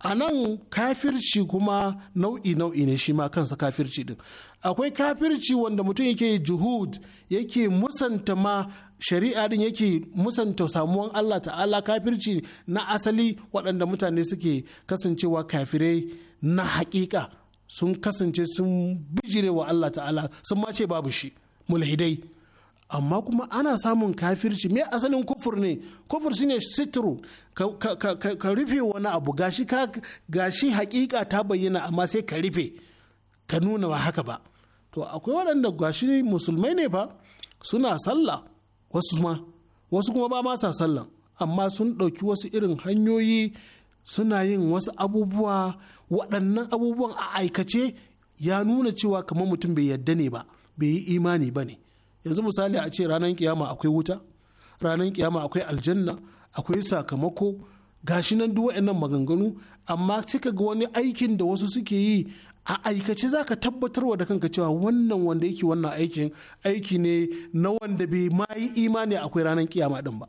a nan kafirci kuma nau'i nau'i ne shi ma kansa kafirci din akwai kafirci wanda mutum yake juhud yake musanta ma shari'a din yake musanta samuwan Allah ta'ala kafirci na asali waɗanda mutane suke kasancewa kafirai na haƙiƙa sun kasance sun bijire wa Allah ta'ala sun mace babu shi mulhidai amma kuma ana samun kafirci me asalin kufur ne kufur shine sitru ka, rufe wani abu gashi ka gashi haƙiƙa ta bayyana amma sai ka rufe ka nuna ba haka ba to akwai waɗanda gashi musulmai ne fa suna sallah wasu ma wasu kuma ba ma sa sallah amma sun ɗauki wasu irin hanyoyi suna yin wasu abubuwa waɗannan abubuwan a aikace ya nuna cewa kamar mutum bai yadda ne ba bai yi imani ba ne yanzu misali a ce ranar kiyama akwai wuta ranar kiyama akwai aljanna akwai sakamako gashi nan duk waɗannan maganganu amma cika ga wani aikin da wasu suke yi a aikace za ka tabbatarwa da kanka cewa wannan wanda yake wannan aikin aiki ne na wanda bai ma yi imani akwai ranar kiyama din ba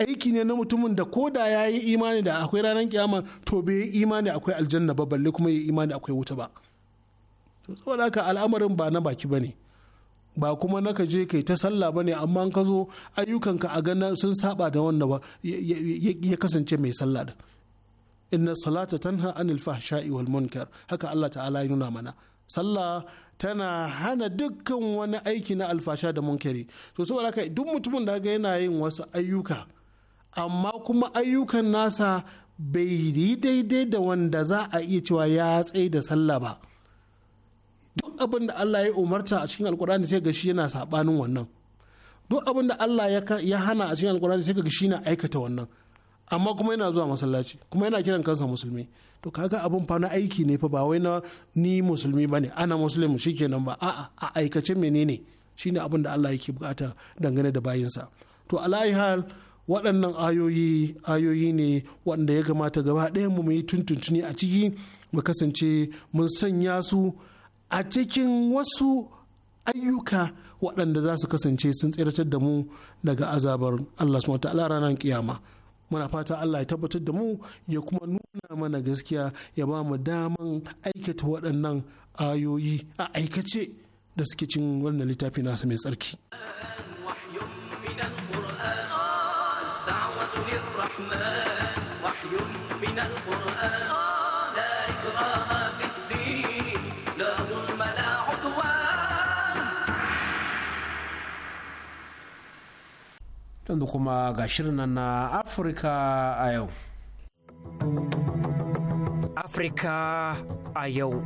aiki ne na mutumin da ko da ya yi imani da akwai ranar kiyama to bai yi imani akwai aljanna ba balle kuma yi imani akwai wuta ba to saboda haka al'amarin ba na baki bane ba kuma ka je kai ta sallah bane amma ka zo ayyukanka a gana sun saba da wannan ya kasance mai sallah da inna salata tanha anil fahsha'i wal munkar haka Allah ta'ala ya nuna mana sallah tana hana dukkan wani aiki na alfasha da munkari to saboda haka duk mutumin da ga yana yin wasu ayyuka amma kuma ayyukan nasa bai yi daidai da wanda za a iya cewa ya tsaye da sallah ba duk abin da Allah ya umarta a cikin alkur'ani sai ga shi yana sabanin wannan duk abin da Allah ya hana a cikin alkur'ani sai ga shi na aikata wannan amma kuma yana zuwa masallaci kuma yana kiran kansa musulmi to kaga abun fa na aiki ne fa ba wai na ni musulmi bane ana muslim shikenan ba a'a a aikace menene shine abin da Allah yake bukata dangane da bayinsa to alayi hal waɗannan ayoyi ayoyi ne waɗanda ya kamata gaba ɗaya mu yi tuntuntuni a ciki mu kasance mun sanya su a cikin wasu ayyuka waɗanda za su kasance sun tseratar da mu daga azabar Allah subhanahu wa ta'ala ranar kiyama muna fata Allah ya tabbatar da mu ya kuma nuna mana gaskiya ya ba mu daman aikata waɗannan ayoyi a aikace da suke cin wannan littafi nasa mai tsarki. الرحمن yanzu kuma ga shirin na afirka a yau afirka a yau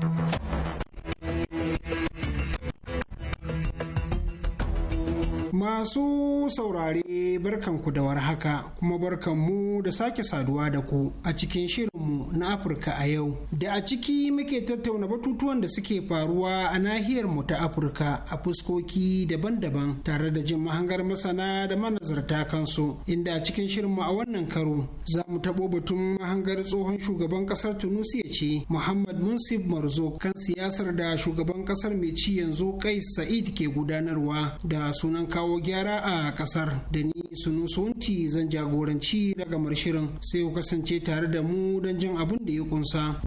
Masu saurare saurare barkanku da warhaka kuma barkanmu da sake saduwa da ku a cikin shirinmu na Afirka a yau. Da a ciki muke tattauna batutuwan da suke faruwa a nahiyar mu ta Afirka a fuskoki daban-daban tare da jin mahangar masana da manazarta kansu. Inda a cikin shirinmu a wannan karo za mu taɓo batun mahangar tsohon shugaban ƙasar tunusia ce Muhammad Munsif Marzo kan siyasar da shugaban ƙasar mai ci yanzu Kais Sa'id ke gudanarwa da sunan kawo gyara a ƙasar. da ni ni sunusunti zan jagoranci daga shirin sai ku kasance tare da mu don jin abin da ya kunsa.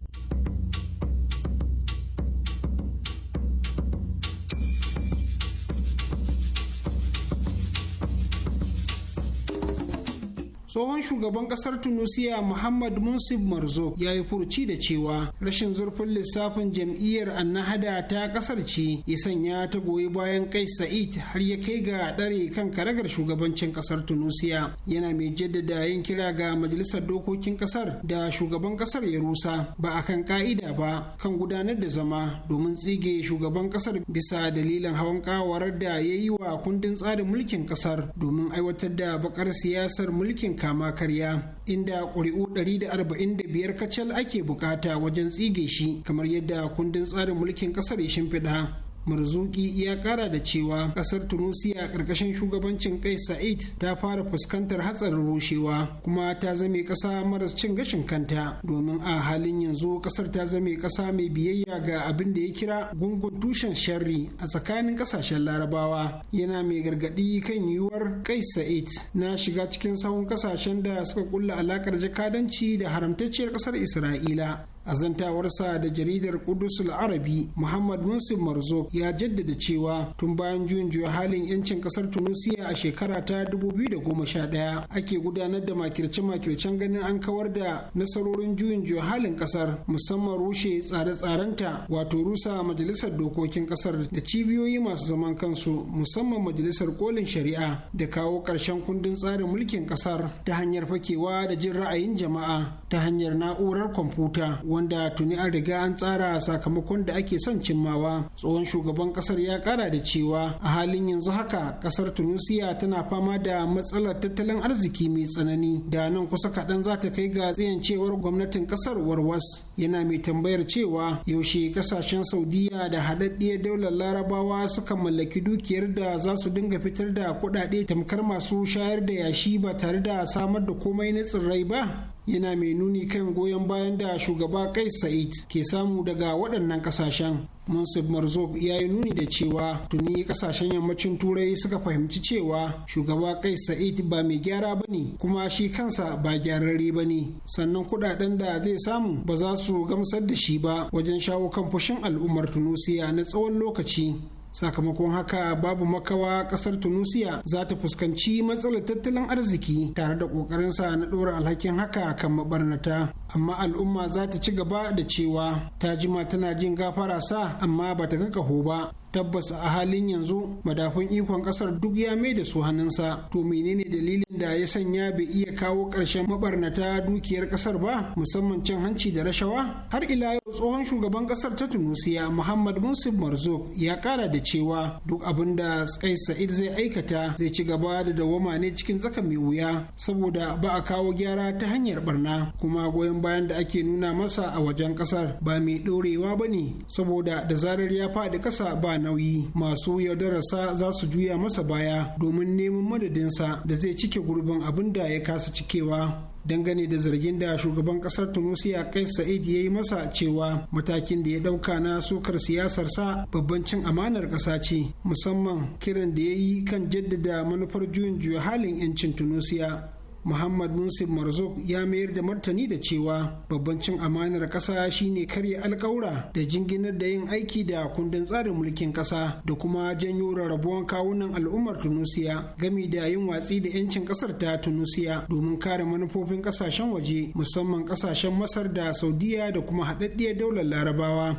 tsohon shugaban kasar tunisia muhammad munsif marzo ya yi furuci da cewa rashin zurfin lissafin jam'iyyar annahada ta kasar ce ya sanya ta goyi bayan kai sa'id har ya kai ga ɗare kan karagar shugabancin kasar tunisia yana mai jaddada yin kira ga majalisar dokokin kasar da shugaban kasar ya rusa ba a kan ka'ida ba kan gudanar da zama domin tsige shugaban kasar bisa dalilin hawan kawarar da ya yi wa kundin tsarin mulkin kasar domin aiwatar da bakar siyasar mulkin kama karya inda ƙuri'u 145 kacal ake bukata wajen tsige shi kamar yadda kundin tsarin mulkin ƙasar ya shimfiɗa marzuki ya kara da cewa kasar tunisia karkashin shugabancin kai sa'id ta fara fuskantar hatsarin rushewa kuma ta zame ƙasa maras cin gashin kanta domin a halin yanzu kasar ta zame ƙasa mai biyayya ga abin da ya kira gungun tushen sharri a tsakanin kasashen larabawa yana mai gargadi kan yiwuwar kai sa'id na shiga cikin sahun kasashen da suka kulla alaƙar jakadanci da haramtacciyar kasar isra'ila a zantawarsa da jaridar kudusul arabi muhammad munsif marzok ya jaddada cewa tun bayan juyin juya halin yancin kasar tunisia a shekara ta 2011 ake gudanar da makirce-makircen ganin an kawar da nasarorin juyin juya halin kasar musamman rushe tsare-tsarenta wato rusa majalisar dokokin kasar da cibiyoyi masu zaman kansu musamman majalisar kolin shari'a da kawo ƙarshen kundin tsarin mulkin kasar ta hanyar fakewa da jin ra'ayin jama'a ta hanyar na'urar kwamfuta wanda tuni an riga an tsara sakamakon da ake son cimmawa tsohon shugaban kasar ya kara da cewa a halin yanzu haka kasar tunisia tana fama da matsalar tattalin arziki mai tsanani da nan kusa kaɗan za ta kai ga cewar gwamnatin kasar warwas yana mai tambayar cewa yaushe kasashen saudiya da haɗaɗɗiyar daular larabawa suka mallaki dukiyar da za su dinga fitar da kuɗaɗe tamkar masu shayar da yashi ba tare da samar da komai na tsirrai ba yana mai nuni kan goyon bayan da shugaba kai sa'id ke samu daga waɗannan ƙasashen Mansub Marzob ya yi nuni da cewa tuni kasashen yammacin turai suka fahimci cewa shugaba kai Sa'id ba mai gyara ba ne kuma shi kansa ba gyararre ba ne sannan kudaden da zai samu ba za su gamsar da shi ba wajen shawo kan fushin al'ummar Tunusiya na tsawon lokaci sakamakon haka babu makawa kasar tunisia za ta fuskanci matsalar tattalin arziki tare da kokarinsa na ɗora alhakin haka kan mabarnata amma al'umma za ta ci gaba da cewa ta jima tana jin gafara sa amma ba ta ga ƙaho ba tabbas a halin yanzu madafun ikon kasar duk ya mai da su hannunsa to menene dalilin da ya sanya bai iya kawo ƙarshen mabarnata dukiyar kasar ba musamman cin hanci da rashawa har ila yau tsohon shugaban kasar ta tunusiya muhammad munsif marzuk ya kara da cewa duk abin da tsai sa'id zai aikata zai ci gaba da dawama ne cikin tsaka mai wuya saboda ba a kawo gyara ta hanyar barna kuma goyon bayan da ake nuna masa a wajen kasar ba mai ɗorewa ba ne saboda da zarar ya faɗi ƙasa ba nauyi masu yaudararsa za su juya masa baya domin neman madadinsa da zai cike gurbin abin da ya kasa cikewa dangane da zargin da shugaban kasar tunisia kai sa'id ya yi masa cewa matakin da ya dauka na sukar siyasarsa babban cin amanar ƙasa ce musamman kiran da ya yi kan jaddada manufar juyin juya halin 'yancin tunisia muhammad munsif marzuk ya mayar da martani da cewa babban cin amanar ƙasa shine karya alƙawura da jinginar da yin aiki da kundin tsarin mulkin ƙasa da kuma janyo rarrabuwan kawunan al'ummar tunusiya gami da yin watsi da 'yancin ƙasar ta tunusiya domin kare manufofin ƙasashen waje musamman ƙasashen masar da saudiya da kuma haɗaɗɗiyar daular larabawa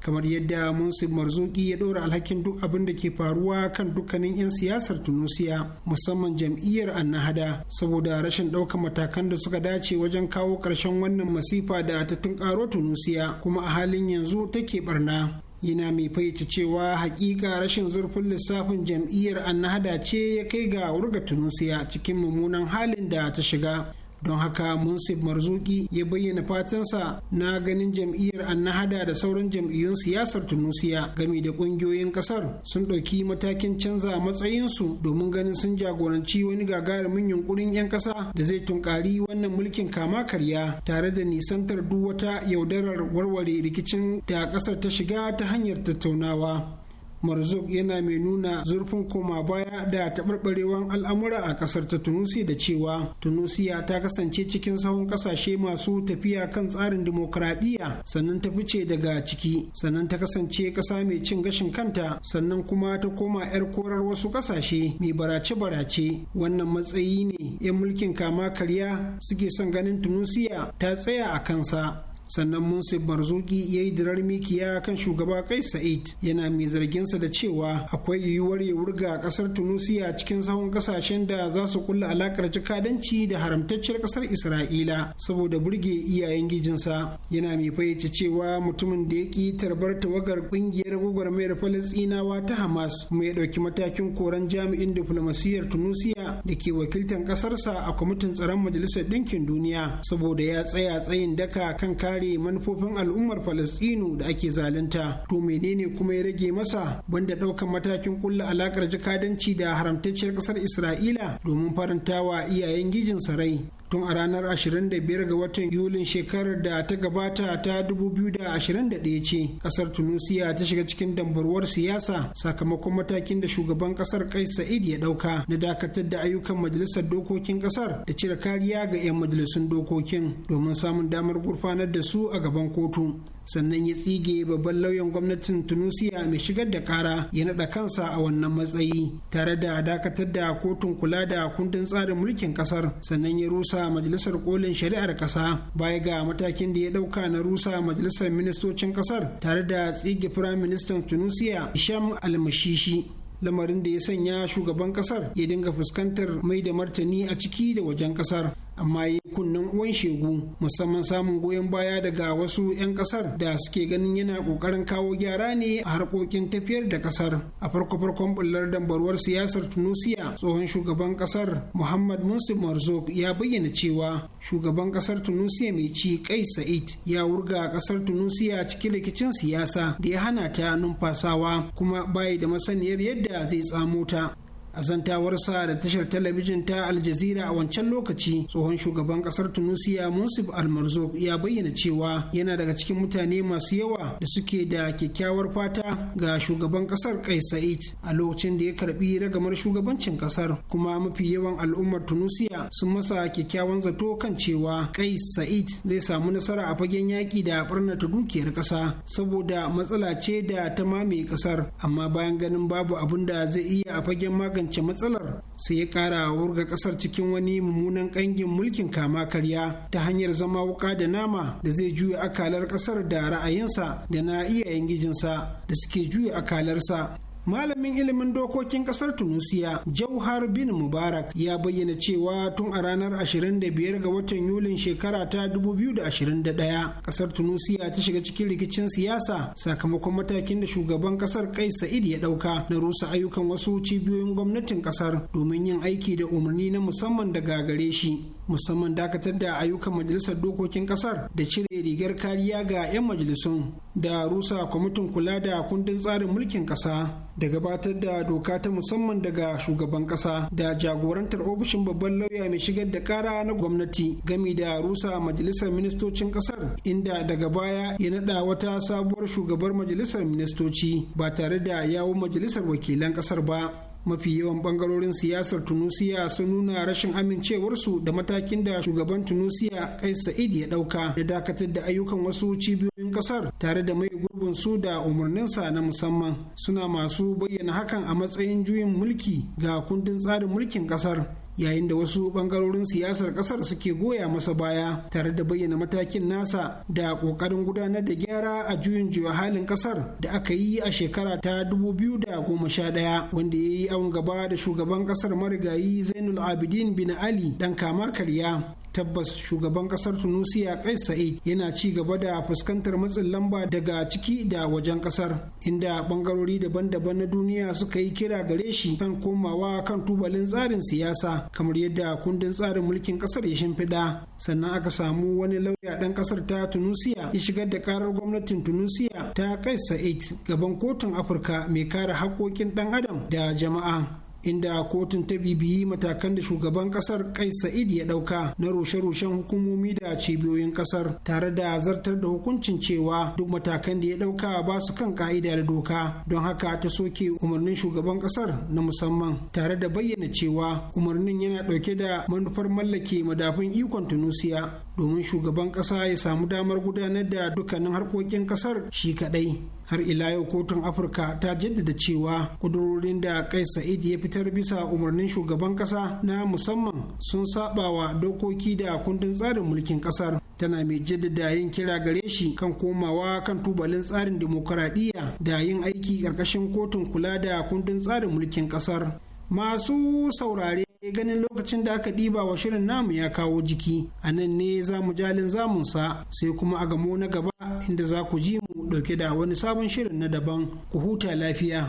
kamar yadda munsin marzuki ya dora alhakin duk abin da ke faruwa kan dukkanin 'yan siyasar tunusiya musamman jam'iyyar annahada saboda rashin ɗaukar matakan da suka dace wajen kawo ƙarshen wannan masifa da ta tunkaro tunusiya kuma a halin yanzu take barna yana mai fayyace cewa hakika rashin zurfin lissafin jam'iyyar annahada ce ya kai ga wurga tunusiya cikin mummunan halin da ta shiga don haka munsif marzuki ya bayyana fatansa na ganin jam'iyyar annahada da sauran jam'iyyun siyasar tunusiya game da ƙungiyoyin ƙasar sun ɗauki matakin canza matsayinsu domin ganin sun jagoranci wani gagarumin yunkurin 'yan ƙasa da zai tunkari wannan mulkin kama karya tare da nisantar duk wata yaudarar warware rikicin da ƙasar ta shiga ta hanyar tattaunawa marzuk yana mai nuna zurfin koma baya da taɓarɓarewar al'amura a ƙasar ta tunusi da cewa tunusiya ta kasance cikin sahun ƙasashe masu tafiya kan tsarin dimokuraɗiyya sannan ta fice daga ciki sannan ta kasance ƙasa mai cin gashin kanta sannan kuma ta koma 'yar korar wasu ƙasashe mai barace-barace wannan matsayi ne 'yan mulkin kama karya suke son ganin tunusiya ta tsaya a kansa sannan munsif barzuki ya yi dirar mikiya kan shugaba kai sa'id yana mai zarginsa da cewa akwai yiwuwar ya wurga kasar tunusiya cikin sahun kasashen da za su kulla alakar jakadanci da haramtacciyar kasar isra'ila saboda burge iyayen gijinsa yana mai fayyace cewa mutumin da ya ki tarbar tawagar kungiyar gwagwarmayar falastinawa ta hamas kuma ya ɗauki matakin koran jami'in diflomasiyyar tunusiya da ke wakiltar kasarsa a kwamitin tsaron majalisar ɗinkin duniya saboda ya tsaya tsayin daka kan kare kare manufofin al'ummar Falasɗinu da ake zalunta. To menene kuma ya rage masa banda ɗaukan matakin kulla alakar jakadanci da haramtacciyar ƙasar Isra'ila domin faranta farantawa iyayen gijin sarai. tun a ranar 25 ga watan yulin shekarar da ta gabata ta 2021 ce kasar tunisia ta shiga cikin dambarwar siyasa sakamakon matakin da shugaban kasar kai sa'id ya dauka na dakatar da ayyukan majalisar dokokin kasar da cire kariya ga 'yan majalisun dokokin domin samun damar gurfanar da su a gaban kotu sannan ya tsige babban lauyan gwamnatin tunisia mai shigar da kara ya naɗa kansa a wannan matsayi tare da dakatar da kotun kula da kundin tsarin mulkin kasar sannan ya rusa majalisar kolin shari'ar kasa baya ga matakin da ya ɗauka na rusa majalisar ministocin kasar tare da tsige firaministan tunisia isham almashishi lamarin da ya sanya shugaban kasar ya dinga fuskantar mai da martani a ciki da wajen kasar amma yi kunnen uwan shegu musamman samun goyon baya daga wasu 'yan kasar da suke ganin yana kokarin kawo gyara ne a harkokin tafiyar da kasar a farko-farkon bullar dambarwar siyasar tunisia tsohon shugaban kasar muhammad Musa marzouk ya bayyana cewa shugaban kasar tunisia mai ci kai sa'id ya wurga kasar tunisia cikin rikicin siyasa da ya hana ta numfasawa kuma bayi da masaniyar yadda zai tsamo ta A zantawar azantawarsa da tashar talabijin ta aljazira a wancan lokaci tsohon shugaban kasar tunisia musib almarzouk ya bayyana cewa yana daga cikin mutane masu yawa da suke da kyakkyawar fata ga shugaban kasar kai sa'id a lokacin da ya karbi ragamar shugabancin kasar kuma mafi yawan al'ummar tunisia sun masa kyakkyawan zato kan cewa kai sa'id zai samu nasara a fagen yaƙi da ɓarnata dukiyar ƙasa, saboda matsala ce da ta mame kasar amma bayan ganin babu abin da zai iya a fagen magani magance matsalar sai ya kara wurga kasar cikin wani mummunan kangin mulkin kama karya ta hanyar zama wuka da nama da zai juya akalar kasar da ra'ayinsa da na iyayen gijinsa da suke juya akalarsa malamin ilimin dokokin kasar tunisia jauhar bin mubarak ya bayyana cewa tun a ranar 25 ga watan yulin shekara ta 2021 kasar tunisia ta shiga cikin rikicin siyasa sakamakon matakin da shugaban kasar kai sa'id ya dauka na rusa ayyukan wasu cibiyoyin gwamnatin kasar domin yin aiki da umarni na musamman daga gare shi musamman dakatar da ayyukan majalisar dokokin kasar da cire rigar kariya ga 'yan majalisun da rusa kwamitin kula da kundin tsarin mulkin kasa da gabatar da doka ta musamman daga shugaban kasa da jagorantar ofishin babban lauya mai shigar da kara na gwamnati gami da rusa majalisar ministocin kasar inda daga baya ya nada wata sabuwar shugabar majalisar ministoci ba tare da yawon majalisar wakilan kasar ba mafi yawan bangarorin siyasar tunusiya sun nuna rashin amincewarsu da matakin da shugaban tunusiya kai sa'id ya dauka da dakatar da ayyukan wasu cibiyoyin kasar tare da mai gurbin su da umarninsa na musamman suna masu bayyana hakan a matsayin juyin mulki ga kundin tsarin mulkin kasar yayin da wasu bangarorin siyasar kasar suke goya masa baya tare da bayyana matakin nasa da kokarin gudanar da gyara a juyin juya halin kasar da aka yi a shekara ta 2011 wanda ya yi awon gaba da shugaban kasar marigayi zainul abidin bin ali dan kama karya tabbas shugaban kasar tunisia kais sa'id yana ci gaba da fuskantar matsin lamba daga ciki da wajen kasar inda bangarori daban-daban na duniya suka yi kira gare shi kan komawa kan tubalin tsarin siyasa kamar yadda kundin tsarin mulkin kasar ya shimfiɗa sannan aka samu wani lauya ɗan kasar ta tunisia ya shigar da karar gwamnatin tunisia ta kais sa'id gaban kotun afirka mai kare haƙƙoƙin ɗan adam da jama'a inda kotun ta bibiyi matakan da shugaban kasar kai sa'id ya dauka na rushe-rushen hukumomi da cibiyoyin kasar tare da zartar da hukuncin cewa duk matakan da ya dauka ba su kan ka'ida da doka don haka ta soke umarnin shugaban kasar na musamman tare da bayyana cewa umarnin yana dauke da manufar mallake madafun ikon tunusiya domin shugaban kasa ya samu damar gudanar da dukkanin harkokin kasar shi kadai har ila yau kotun afirka ta jaddada cewa kudurorin da kai sa'id ya fitar bisa umarnin shugaban kasa na musamman sun saba wa dokoki da kundin tsarin mulkin kasar tana mai jaddada yin kira gare shi kan komawa kan tubalin tsarin dimokuraɗiyya da yin aiki ƙarƙashin kotun kula da kundin tsarin mulkin kasar masu saurare ganin lokacin da aka ɗiba wa shirin namu ya kawo jiki a nan ne za mu jalin zamunsa sai kuma a gamo na gaba inda za ku ji mu. dauke da wani sabon shirin na daban ku huta lafiya.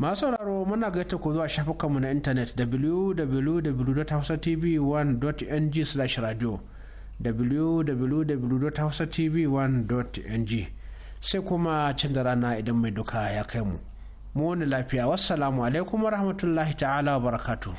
masu sauraro muna gaita ku zuwa shafukanmu na intanet www.hausatv1.ng/radio www.hausatv1.ng sai kuma cin da rana idan mai duka ya kai mu. mu wani lafiya wassalamu alaikum rahmatullahi ta'ala wa barakatu.